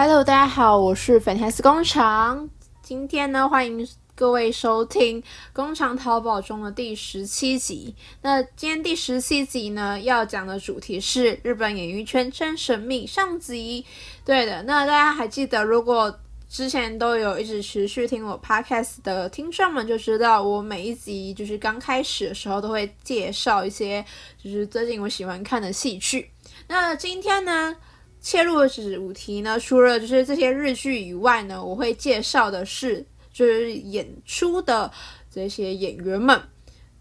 Hello，大家好，我是 Fantastic 弓長。今天呢，歡迎各位收聽弓長逃跑中的第十七集。那今天第十七集呢，要講的主題是日本演藝圈真神秘上集。對的，那大家還記得，如果之前都有一直持續聽我 Podcast 的，聽眾們就知道，我每一集就是剛開始的時候都會介紹一些，就是最近我喜歡看的戲劇。那今天呢，切入主題呢，除了就是這些日劇以外呢，我會介紹的是就是演出的這些演員們。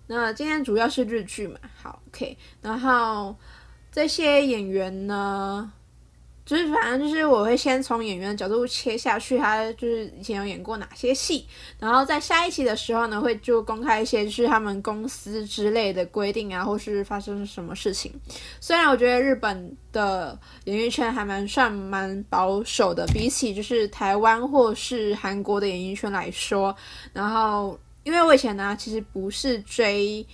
那今天主要是日劇嘛，好，OK。然後這些演員呢。就是反正就是我會先從演員的角度切下去，他就是以前有演過哪些戲，然後在下一期的時候呢，會就公開一些就是他們公司之類的規定啊，或是發生什麼事情。雖然我覺得日本的演藝圈還蠻算蠻保守的，比起就是台灣或是韓國的演藝圈來說，然後因為我以前呢其實不是追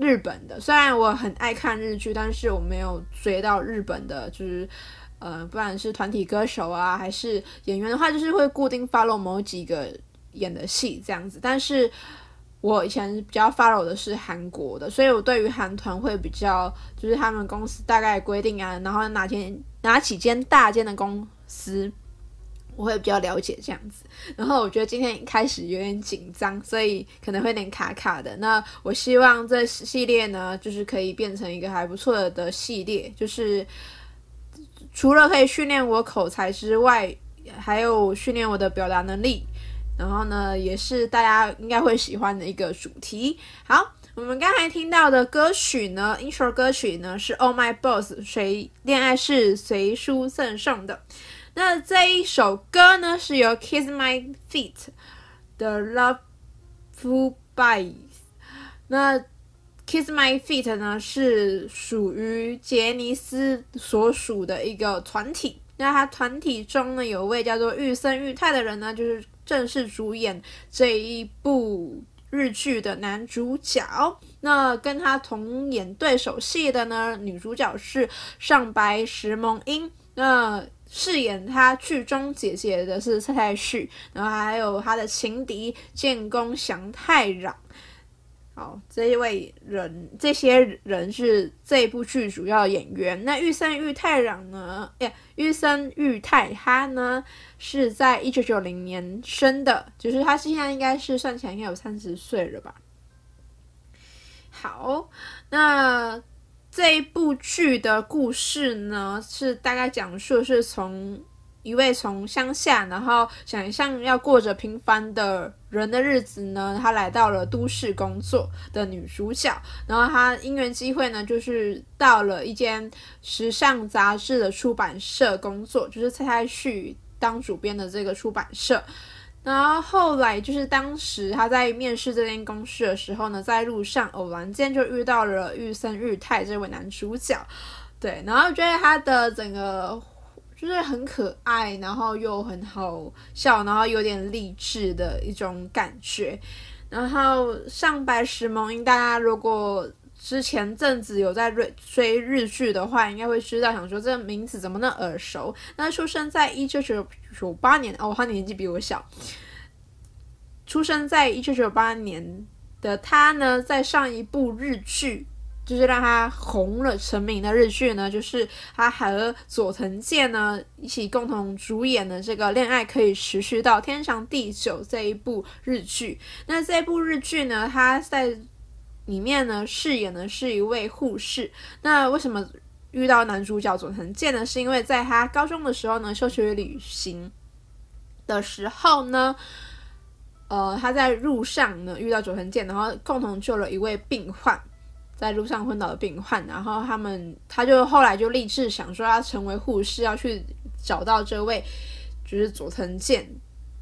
日本的，雖然我很愛看日劇，但是我沒有追到日本的，就是。呃，不管是團體歌手啊，還是演員的話，就是會固定 follow 某幾個演的戲這樣子。但是我以前比較 follow 的是韓國的，所以我對於韓團會比較，就是他們公司大概規定啊，然後哪間哪幾間大間的公司，我會比較了解這樣子。然後我覺得今天開始有點緊張，所以可能會有點卡卡的。那我希望這系列呢，就是可以變成一個還不錯的的系列，就是。除了可以訓練我口才之外，還有訓練我的表達能力。然後呢，也是大家應該會喜歡的一個主題。好，我們剛才聽到的歌曲呢，intro 歌曲呢是，Oh My Boss，誰戀愛是隨書贈送的。那這一首歌呢，是由 Kiss My Feet 的 Luv Bias 那 Kiss My Feet 呢是屬於傑尼斯所屬的一個團體，那他團體中呢有位叫做玉森裕太的人呢，就是正式主演這一部日劇的男主角。那跟他同演對手戲的呢，女主角是上白石萌音。那飾演他劇中姐姐的是蔡太旭，然後還有他的情敵間宮祥太朗。好，這一位人，這些人是這部劇主要演員。那玉森裕太郎呢？欸、玉森裕太他呢是在一九九零年生的，就是他現在應該是算起來應該有三十歲了吧。好，那這一部劇的故事呢，是大概講述是從，一位從鄉下，然後想像要過着平凡的人的日子呢，她來到了都市工作的女主角。然後她因緣際會呢，就是到了一間時尚雜誌的出版社工作，就是菜菜緒當主編的這個出版社。然後後來就是當時她在面試這間公司的時候呢，在路上偶然間就遇到了玉森裕太這位男主角。對，然後覺得他的整個。就是很可愛，然後又很好笑，然後有點勵志的一種感覺。然後上白石萌音，大家如果之前陣子有在追追日劇的話，應該會知道。想說這名字怎麼能耳熟？那出生在一九九九八年，哦，他年紀比我小。出生在一九九八年的他呢，在上一部日劇。就是讓他紅了成名的日劇呢，就是他和佐藤健呢一起共同主演的這個戀愛可以持續到天長地久這一部日劇。那這一部日劇呢，他在裡面呢飾演的是一位護士。那為什麼遇到男主角佐藤健呢？是因為在他高中的時候呢，修學旅行的時候呢，呃，他在路上呢遇到佐藤健，然後共同救了一位病患。在路上昏倒的病患，然後他們他就後來就立志想說要成為護士，要去找到這位就是佐藤健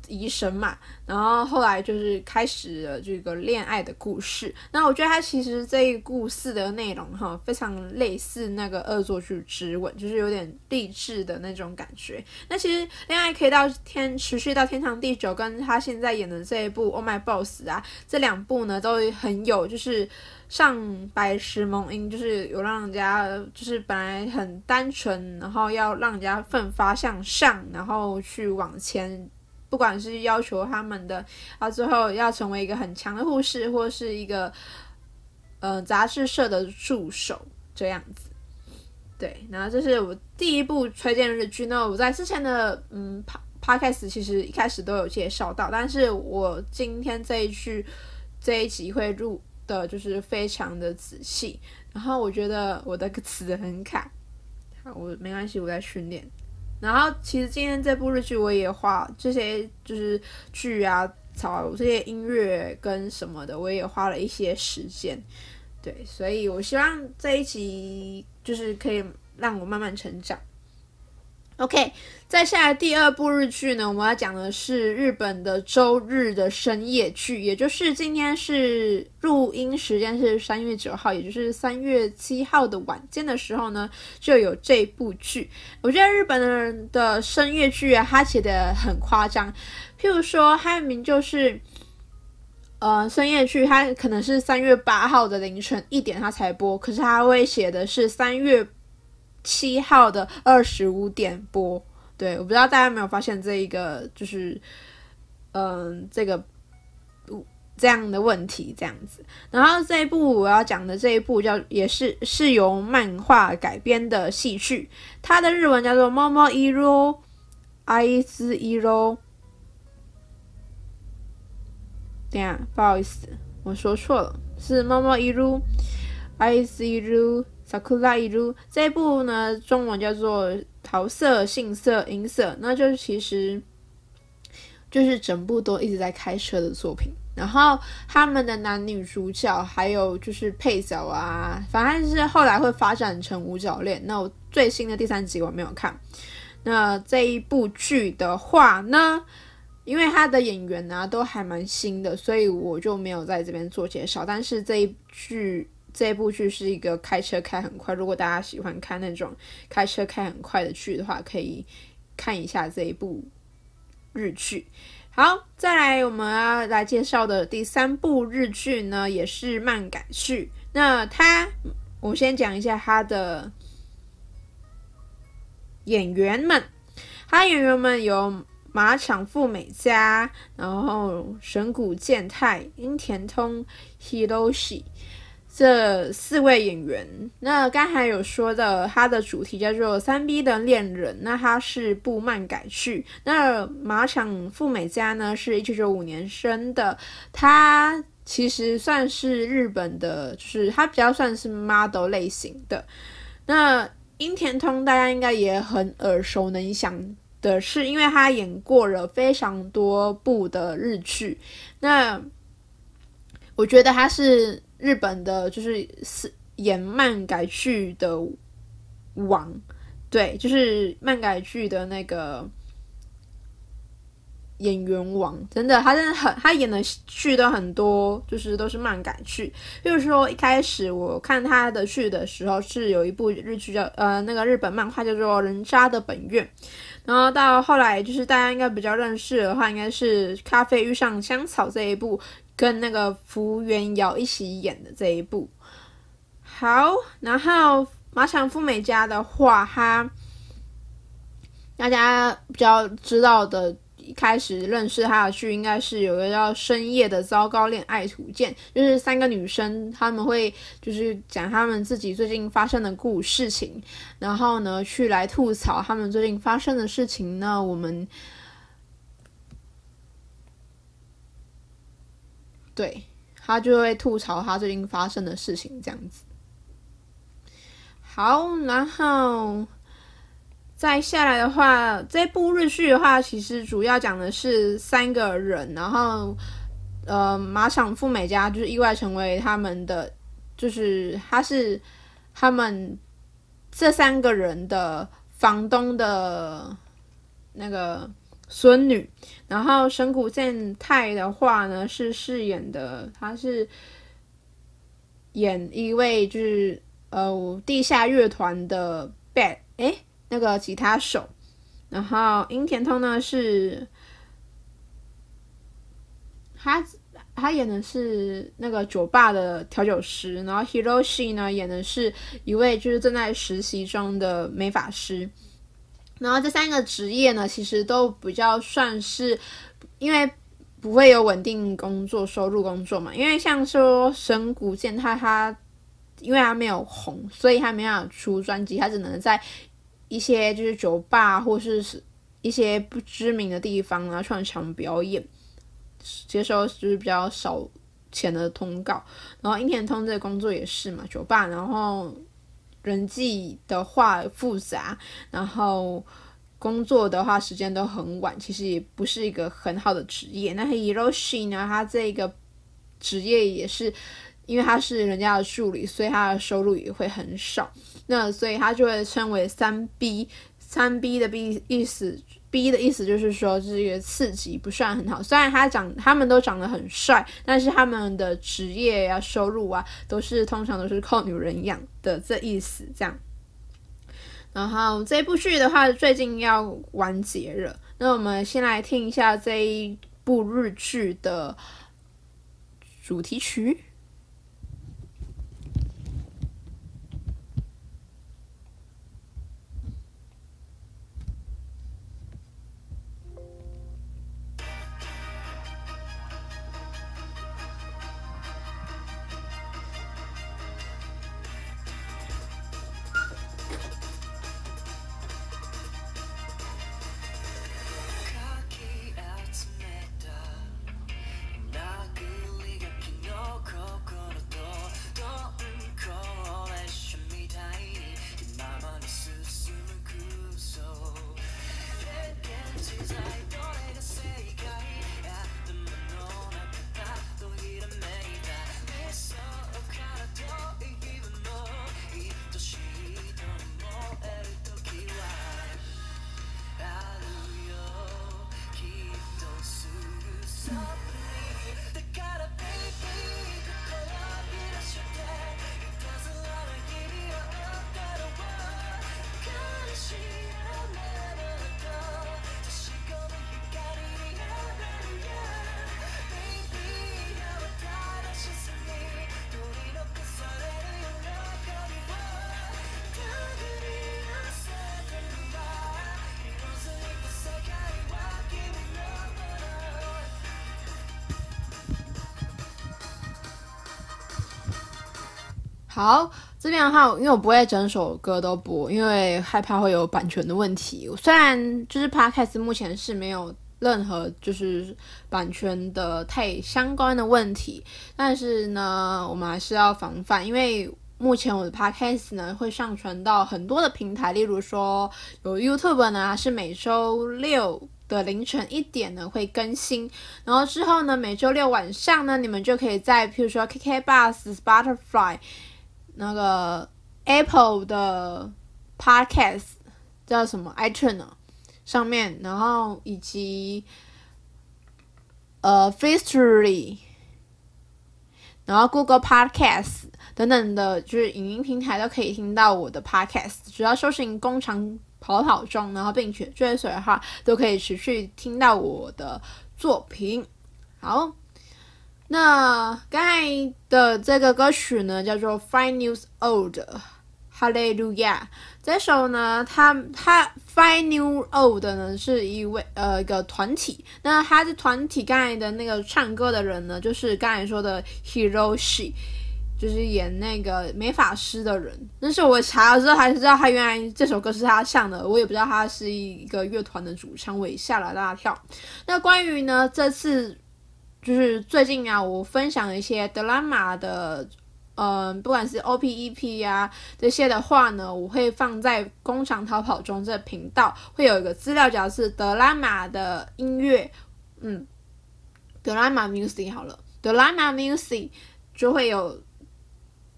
醫生嘛，然後後來就是開始了這個戀愛的故事。那我覺得他其實這一故事的內容哈，非常類似那個惡作劇之吻，就是有點勵志的那種感覺。那其實戀愛可以到天持續到天長地久，跟他現在演的這一部《Oh My Boss》啊，這兩部呢都很有就是。上白石萌音就是有讓人家，就是本來很單純，然後要讓人家奮發向上，然後去往前，不管是要求他們的，他最後要成為一個很強的護士，或是一個，嗯、呃，雜誌社的助手這樣子。對，然後這是我第一部推薦日劇。那我在之前的嗯，Podcast 其實一開始都有介紹到，但是我今天這一句這一集會錄。的就是非常的仔細，然後我覺得我的詞很卡。好，我沒關係，我在訓練。然後其實今天這部日劇我也花這些就是劇啊，找這些音樂跟什麼的，我也花了一些時間。對，所以我希望這一集就是可以讓我慢慢成長。OK，再下來第二部日劇呢，我們要講的是日本的周日的深夜劇，也就是今天是錄音時間是三月九號，也就是三月七號的晚間的時候呢，就有這部劇。我覺得日本的人的深夜劇啊，他寫的很誇張，譬如說，他的名就是呃深夜劇，他可能是三月八號的凌晨一點他才播，可是他會寫的是三月。七號的二十五點播，對，我不知道大家有沒有發現這一個就是，嗯、呃，這個這樣的問題這樣子。然後這一部我要講的這一部叫也是是由漫畫改編的戲劇，它的日文叫做《桃色杏色》。等下，不好意思，我說錯了，是 ro，《桃色杏色》。《薩克拉伊魯》，這一部呢，中文叫做《桃色、杏色、櫻色》，那就是其實就是整部都一直在開車的作品。然後他們的男女主角還有就是配角啊，反正是後來會發展成五角戀。那我最新的第三集我沒有看。那這一部劇的話呢，因為他的演員呢、啊、都還蠻新的，所以我就沒有在這邊做介紹。但是這一劇。這部劇是一個開車開很快。如果大家喜歡看那種開車開很快的劇的話，可以看一下這一部日劇。好，再來我們要來介紹的第三部日劇呢，也是漫改劇。那它，我先講一下它的演員們。他演員們有馬場富美加，然後神谷健太、櫻田通、Hiroshi。這四位演員，那剛才有說的，他的主題叫做《三 B 的戀人》，那他是部漫改劇。那馬場富美加呢，是一九九五年生的，他其實算是日本的，就是他比較算是 model 類型的。那櫻田通大家應該也很耳熟能詳的是，是因為他演過了非常多部的日劇。那我覺得他是。日本的就是演漫改劇的王，對，就是漫改劇的那個演員王，真的，他真的很，他演的劇都很多，就是都是漫改劇。比如說一開始我看他的劇的時候，是有一部日劇叫呃那個日本漫畫叫做《人渣的本願》，然後到後來就是大家應該比較認識的話，應該是《咖啡遇上香草》這一部。跟那個福原遙一起演的這一部，好，然後馬場富美加的話，哈，大家比較知道的，一開始認識他的劇應該是有一個叫《深夜的糟糕戀愛圖鑑》，就是三個女生，他們會就是講他們自己最近發生的故事情，然後呢去來吐槽他們最近發生的事情，呢，我們。對，他就會吐槽他最近發生的事情這樣子。好，然後再下來的話，這部日劇的話，其實主要講的是三個人，然後呃，馬場富美加就是意外成為他們的，就是他是他們這三個人的房東的那個。孫女，然後神谷健太的話呢是飾演的，他是演一位就是呃地下樂團的貝哎那個吉他手，然後櫻田通呢是他他演的是那個酒吧的調酒師，然後 Hiroshi 呢演的是一位就是正在實習中的美髮師。然後這三個職業呢，其實都比較算是，因為不會有穩定工作，收入工作嘛。因為像說神谷健太，他因為他沒有紅，所以他沒有辦法出專輯，他只能在一些就是酒吧或是一些不知名的地方啊，然後串場表演，接收就是比較少錢的通告。然後櫻田通這個工作也是嘛，酒吧，然後。人際的話複雜，然後工作的話時間都很晚，其實也不是一個很好的職業。那 erosion、個、呢，他這個職業也是，因為他是人家的助理，所以他的收入也會很少。那所以他就會稱為三 B，三 B 的 B 意思。B 的意思就是說，這個刺激不算很好。雖然他長，他們都長得很帥，但是他們的職業啊、收入啊，都是通常都是靠女人養的。這意思這樣。然後這部劇的話，最近要完結了。那我們先來聽一下這一部日劇的主題曲。好，這邊的話，因為我不會整首歌都播，因為害怕會有版權的問題。雖然就是 podcast 目前是沒有任何就是版權的太相關的問題，但是呢，我們還是要防範，因為目前我的 podcast 呢會上傳到很多的平台，例如說有 YouTube 呢啊，是每周六的凌晨一點呢會更新，然後之後呢，每周六晚上呢，你們就可以在，比如說 KK Bus Butterfly。那個 Apple 的 Podcast 叫什麼 iTunes 上面，然後以及呃 Firstory，然後 Google Podcast 等等的，就是影音平台都可以聽到我的 Podcast。只要搜尋弓長逃跑中，然後並且追隨的話，都可以持續聽到我的作品。好。那剛才的這個歌曲呢，叫做《Fine News Old、Hallelujah》。哈利路亞，這首呢，他他《Fine News Old 呢》呢是一位呃一個團體。那他的團體剛才的那個唱歌的人呢，就是剛才說的 Hiroshi，就是演那個美髮師的人。但是我查了之後還是知道，他原來這首歌是他唱的，我也不知道他是一個樂團的主唱，我也嚇了大家跳。那關於呢，這次。就是最近啊，我分享一些 drama 的，嗯，不管是 OP EP、啊、呀這些的話呢，我會放在《弓長逃跑中》這頻道，會有一個資料夾是 drama 的音樂，嗯，drama music 好了，drama music 就會有，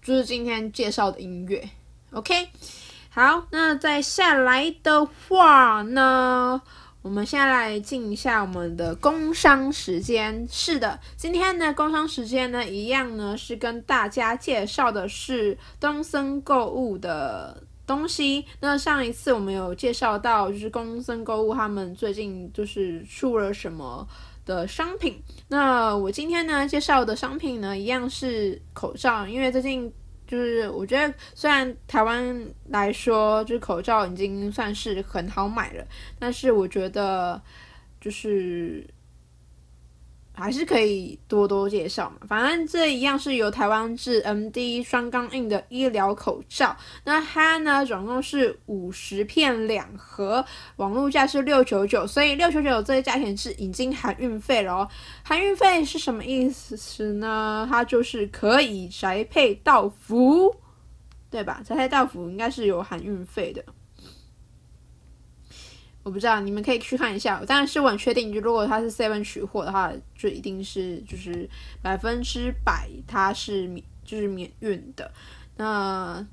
就是今天介紹的音樂，OK，好，那再下來的話呢。我們現在來進一下我們的工商時間。是的，今天的工商時間呢，一樣呢是跟大家介紹的是東森購物的東西。那上一次我們有介紹到，就是東森購物他們最近就是出了什麼的商品。那我今天呢介紹的商品呢，一樣是口罩，因為最近。就是我覺得，雖然台灣來說，就是口罩已經算是很好買了，但是我覺得就是。還是可以多多介紹嘛，反正這一樣是由台灣製 MD 雙鋼印的醫療口罩，那它呢，總共是五十片兩盒，網絡價是六九九，所以六九九這個價錢是已經含運費了哦。含運費是什麼意思呢？它就是可以宅配到府，對吧？宅配到府應該是有含運費的。我不知道，你們可以去看一下。但是我很確定，就如果它是 Seven 取貨的話，就一定是就是百分之百它是免就是免運的。那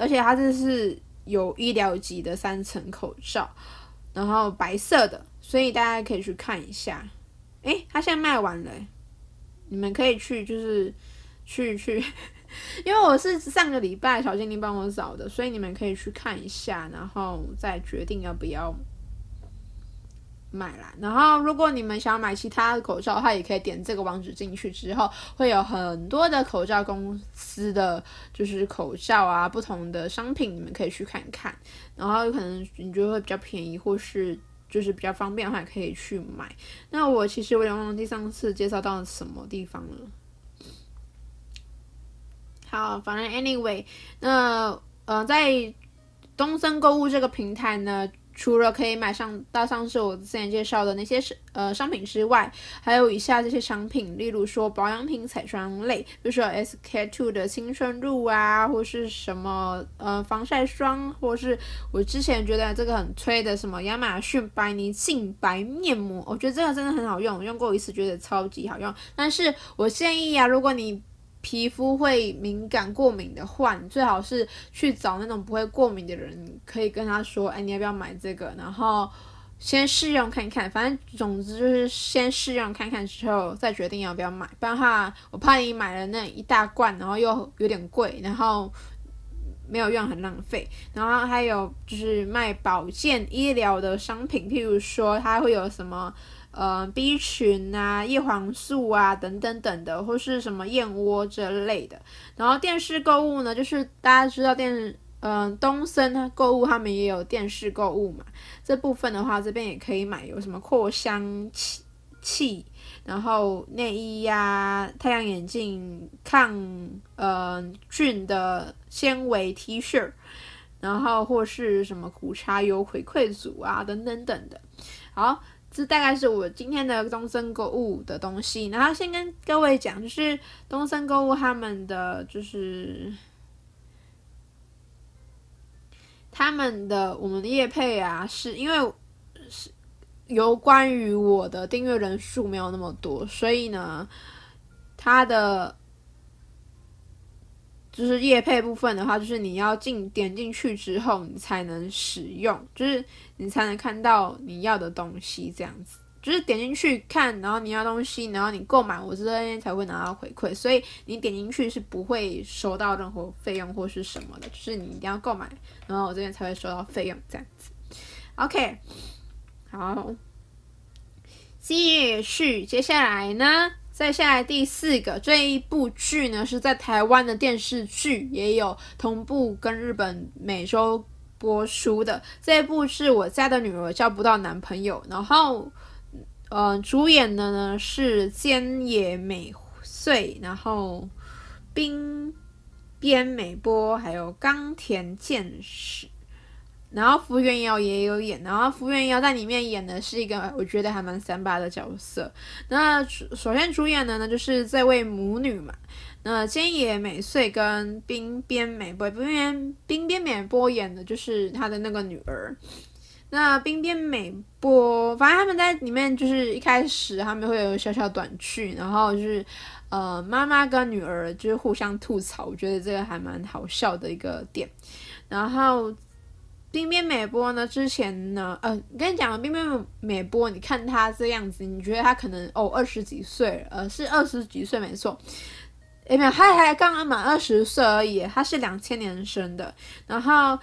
而且它這是有醫療級的三層口罩，然後白色的，所以大家可以去看一下。誒、欸，它現在賣完了，你們可以去就是去去，因為我是上個禮拜小精靈幫我找的，所以你們可以去看一下，然後再決定要不要。買啦，然後如果你們想要買其他的口罩的話也可以點這個網址進去之後，會有很多的口罩公司的就是口罩啊，不同的商品你們可以去看看，然後有可能你覺得會比較便宜，或是就是比較方便的話，也可以去買。那我其實我忘記上次介紹到什麼地方了。好，反正 anyway，那呃，在東森購物這個平台呢。除了可以買上大上次我之前介紹的那些商呃商品之外，還有以下這些商品，例如說保養品、彩妝類，比如說 S K two 的青春露啊，或是什麼呃防曬霜，或是我之前覺得這個很吹的什麼亞馬遜白泥淨白面膜，我覺得這個真的很好用，用過一次覺得超級好用，但是我建議啊，如果你皮膚會敏感過敏的話，你最好是去找那種不會過敏的人，可以跟他說，哎，你要不要買這個？然後先試用看看，反正總之就是先試用看看之後再決定要不要買，不然的話我怕你買了那一大罐，然後又有點貴，然後沒有用很浪費。然後還有就是賣保健醫療的商品，譬如說它會有什麼？嗯、呃、B 群啊，葉黃素啊，等、等等等的，或是什麼燕窩之類的。然後電視購物呢，就是大家知道電，嗯、呃，東森購物他們也有電視購物嘛。這部分的話，這邊也可以買，有什麼擴香器，然後內衣呀、啊，太陽眼鏡，抗呃菌的纖維 T 恤，然後或是什麼苦茶油回饋組啊，等等等、等的。好。這大概是我今天的東森購物的東西，然後先跟各位講，就是東森購物他們的就是他們的我們的業配啊，是因為是有關於我的訂閱人數沒有那麼多，所以呢，他的。就是業配部分的話，就是你要進點進去之後，你才能使用，就是你才能看到你要的東西這樣子。就是點進去看，然後你要東西，然後你購買，我這邊才會拿到回饋。所以你點進去是不會收到任何費用或是什麼的，就是你一定要購買，然後我這邊才會收到費用這樣子。OK，好，繼續，接下來呢？再下來第四個這一部劇呢，是在台灣的電視劇，也有同步跟日本每周播出的。這一部是《我家的女兒交不到男朋友》，然後，嗯、呃，主演的呢是菅野美穗，然後，濱，邊美波，還有岡田健史。然後福原遙也有演，然後福原遙在裡面演的是一個我覺得還蠻三八的角色。那首先主演的呢就是這位母女嘛，那菅野美穗跟濱邊美波，濱邊濱邊美波演的就是她的那個女兒。那濱邊美波，反正他們在裡面就是一開始他們會有小小短劇，然後就是呃媽媽跟女兒就是互相吐槽，我覺得這個還蠻好笑的一個點。然後。濱邊美波呢，之前呢，嗯、呃，跟你講了，濱邊美波，你看他這樣子，你覺得他可能哦二十幾歲？呃，是二十幾歲，沒錯。哎，沒有，他還剛剛滿二十歲而已。他是兩千年生的。然後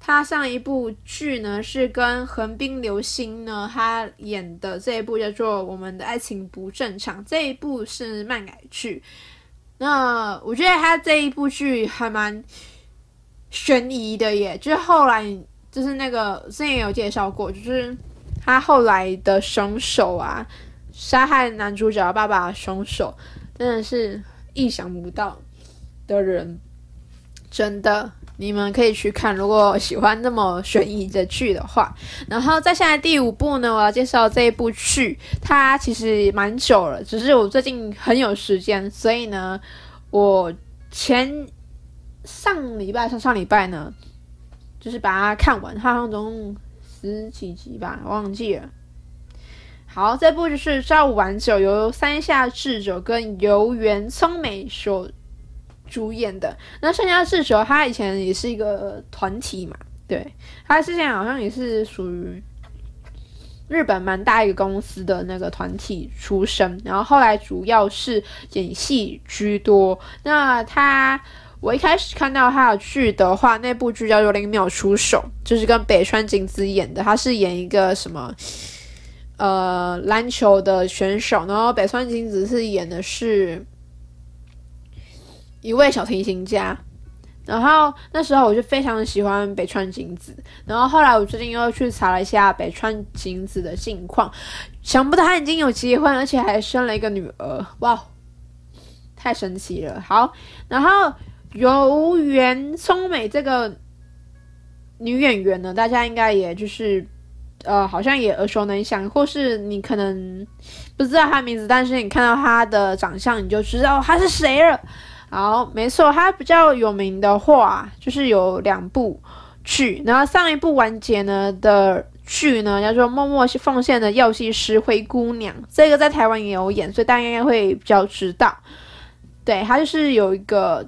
他上一部劇呢是跟橫濱流星呢，他演的這一部叫做《我們的愛情不正常》，這一部是漫改劇。那我覺得他這一部劇還蠻。懸疑的耶，就是後來就是那個之前有介紹過，就是他後來的兇手啊，殺害男主角的爸爸的兇手，真的是意想不到的人，真的，你們可以去看，如果喜歡那麼懸疑的劇的話。然後再下來第五部呢，我要介紹這一部劇，它其實蠻久了，只是我最近很有時間，所以呢，我前。上禮拜上上禮拜呢，就是把它看完，它好像總共十幾集吧，忘記了。好，這部就是《朝五晚九》，由山下智久跟石原聰美所主演的。那山下智久他以前也是一個團體嘛，對，他之前好像也是屬於日本蠻大一個公司的那個團體出身，然後後來主要是演戲居多。那他。我一開始看到他的劇的話，那部劇叫做《零秒出手》，就是跟北川景子演的。他是演一個什麼，呃，籃球的選手，然後北川景子是演的是一位小提琴家。然後那時候我就非常的喜歡北川景子。然後後來我最近又去查了一下北川景子的近況，想不到他已經有結婚，而且還生了一個女兒，哇，太神奇了。好，然後。由原聰美這個女演員呢，大家應該也就是，呃，好像也耳熟能詳，或是你可能不知道她的名字，但是你看到她的長相，你就知道她是誰了。好，沒錯，她比較有名的話就是有兩部劇，然後上一部完結呢的劇呢叫做《默默奉獻的藥劑師灰姑娘》，這個在台灣也有演，所以大家應該會比較知道。對，她就是有一個。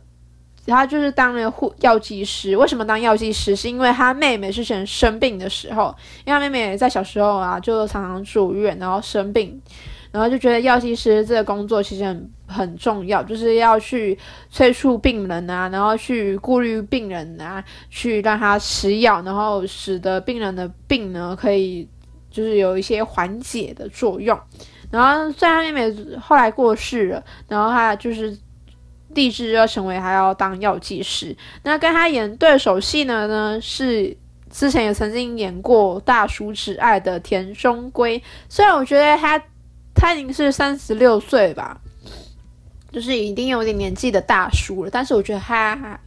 他就是當了藥劑師。為什麼當藥劑師？是因為他妹妹之前生病的時候，因為他妹妹在小時候啊就常常住院，然後生病，然後就覺得藥劑師這個工作其實很很重要，就是要去催促病人啊，然後去顧慮病人啊，去讓他吃藥，然後使得病人的病呢可以就是有一些緩解的作用。然後雖然妹妹後來過世了，然後他就是。立志要成為，他要當藥劑師。那跟他演對手戲的呢，是之前也曾經演過《大叔之愛》的田中圭。雖然我覺得他他已經是三十六歲吧，就是已經有點年紀的大叔了，但是我覺得，他。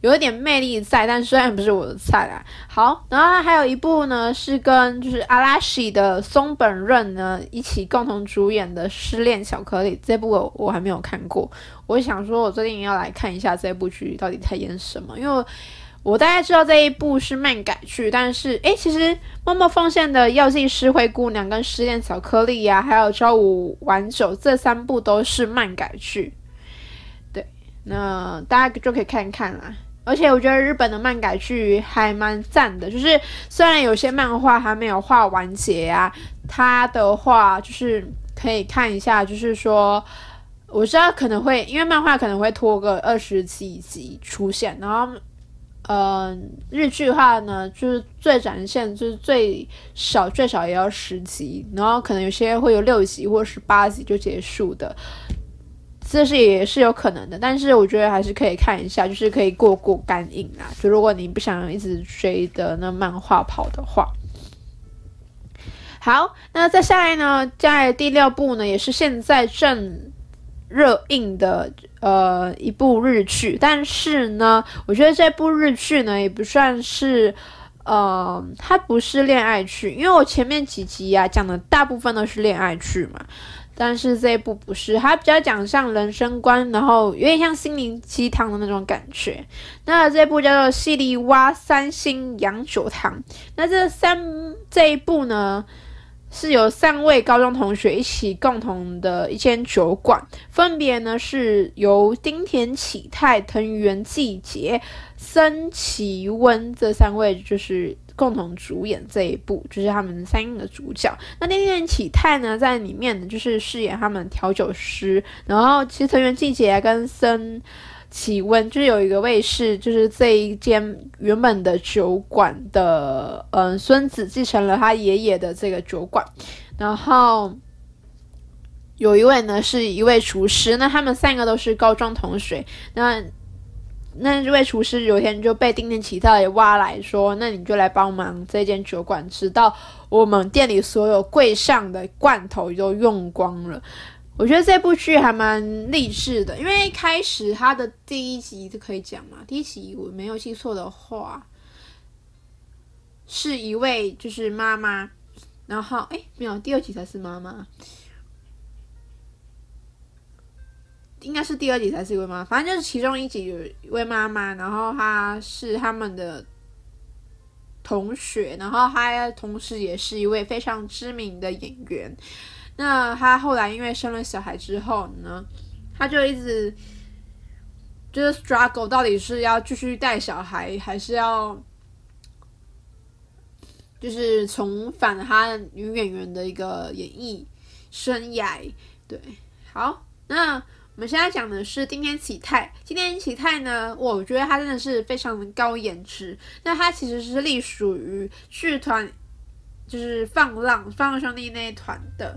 有一點魅力在，但雖然不是我的菜啦，啊。好，然後還有一部呢，是跟就是阿拉西的松本潤呢一起共同主演的《失戀巧克力》，這部我我還沒有看過，我想說，我最近要來看一下這部劇到底在演什麼，因為我，我大概知道這一部是漫改劇，但是誒、欸，其實默默奉獻的藥劑師灰姑娘跟失戀巧克力呀，啊，還有朝五晚九這三部都是漫改劇，對，那大家就可以看看啦。而且我覺得日本的漫改劇還蠻讚的，就是雖然有些漫畫還沒有畫完結啊，它的話就是可以看一下，就是說我知道可能會因為漫畫可能會拖個二十幾集出現，然後呃日劇的話呢就是最展現就是最少最少也要十集，然後可能有些會有六集或者是八集就結束的。這是也是有可能的，但是我覺得還是可以看一下，就是可以過過乾癮啊。就如果你不想一直追的那漫畫跑的話，好，那再下來呢，在第六部呢，也是現在正熱映的呃一部日劇，但是呢，我覺得這部日劇呢也不算是嗯、呃，它不是戀愛劇，因為我前面幾集啊講的大部分都是戀愛劇嘛。但是這一部不是，它比較講像人生觀，然後有點像心靈雞湯的那種感覺。那這一部叫做《西荻窪三星洋酒堂》。那這三這一部呢，是由三位高中同學一起共同的一間酒館，分別呢是由丁田啟泰、藤原季節、森崎溫這三位就是。共同主演這一部，就是他們三個的主角。那那天啟泰呢，在裡面呢就是飾演他們調酒師。然後，其實藤原季節跟森啟文，就是有一個位是，就是這一間原本的酒館的，嗯、呃，孫子繼承了他爺爺的這個酒館。然後，有一位呢是一位廚師。那他們三個都是高中同學。那那這位廚師有一天就被丁丁奇特挖來說：“那你就來幫忙這間酒館，直到我們店裡所有櫃上的罐頭都用光了。”我覺得這部劇還蠻勵志的，因為一開始他的第一集就可以講嘛。第一集我沒有記錯的話，是一位就是媽媽，然後哎、欸、沒有，第二集才是媽媽。應該是第二集才是一位媽媽，反正就是其中一集有一位媽媽，然後她是他們的同學，然後她同時也是一位非常知名的演員。那她後來因為生了小孩之後呢，她就一直就是 struggle，到底是要繼續帶小孩，還是要就是重返她女演員的一個演藝生涯？對，好，那。我們現在講的是町田啟太。町田啟太呢，我覺得他真的是非常的高顏值。那他其實是隸屬於劇團，就是放浪放浪兄弟那一團的。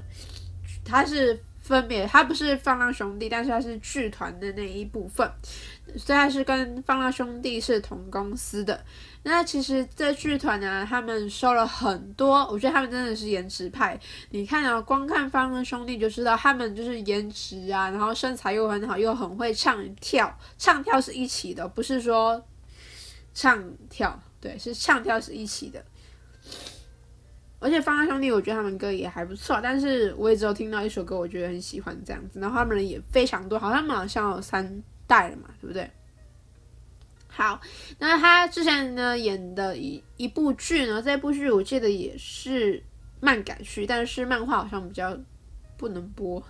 他是。分別，他不是放浪兄弟，但是他是劇團的那一部分，雖然是跟放浪兄弟是同公司的。那其實這劇團呢，他們收了很多，我覺得他們真的是顏值派。你看啊、哦，光看放浪兄弟就知道，他們就是顏值啊，然後身材又很好，又很會唱跳，唱跳是一起的，不是說唱跳，對，是唱跳是一起的。而且放浪兄弟，我覺得他們歌也還不錯，但是我也只有聽到一首歌，我覺得很喜歡這樣子。然後他們人也非常多，好像馬上有三代了嘛，對不對？好，那他之前呢演的一一部劇呢，這部劇我記得也是漫改劇，但是漫畫好像比較不能播，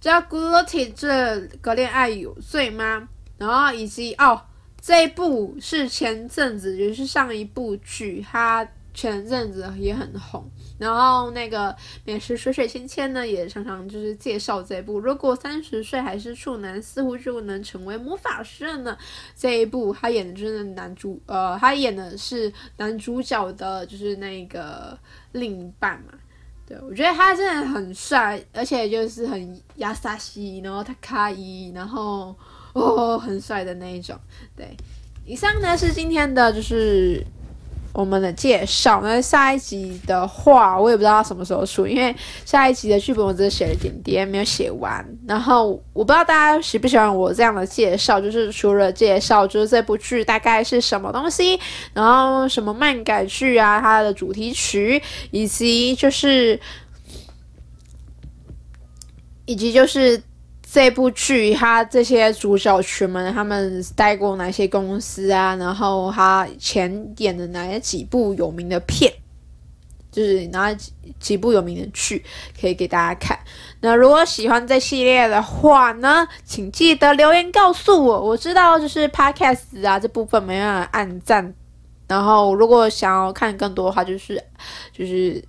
叫《Guilty》，這個戀愛有罪嗎？然後以及哦，這一部是前陣子，就是上一部劇他。前陣子也很紅，然後那個美食水水芊芊呢，也常常就是介紹這一部。如果三十歲還是處男，似乎就能成為魔法師呢。這一部他演的就是男主，呃，他演的是男主角的，就是那個另一半嘛。對，我覺得他真的很帥，而且就是很亞薩西，然後他咖伊，然後哦，很帥的那一種。對，以上呢是今天的，就是。我們的介紹，那下一集的話，我也不知道什麼時候出，因為下一集的劇本我只是寫了一點點，沒有寫完。然後我不知道大家喜不喜歡我這樣的介紹，就是除了介紹，就是這部劇大概是什麼東西，然後什麼漫改劇啊，它的主題曲，以及就是，以及就是。這部劇，他這些主角群們，他們待過哪些公司啊？然後他前演的哪幾部有名的片，就是哪幾幾部有名的劇，可以給大家看。那如果喜歡這系列的話呢，請記得留言告訴我。我知道就是 Podcast 啊這部分沒辦法按讚，然後如果想要看更多的話，就是就是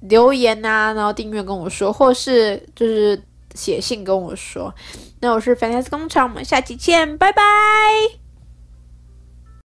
留言啊，然後訂閱跟我說，或是就是。寫信跟我說，那我是 Fantastic 工廠，我們下期見，拜拜。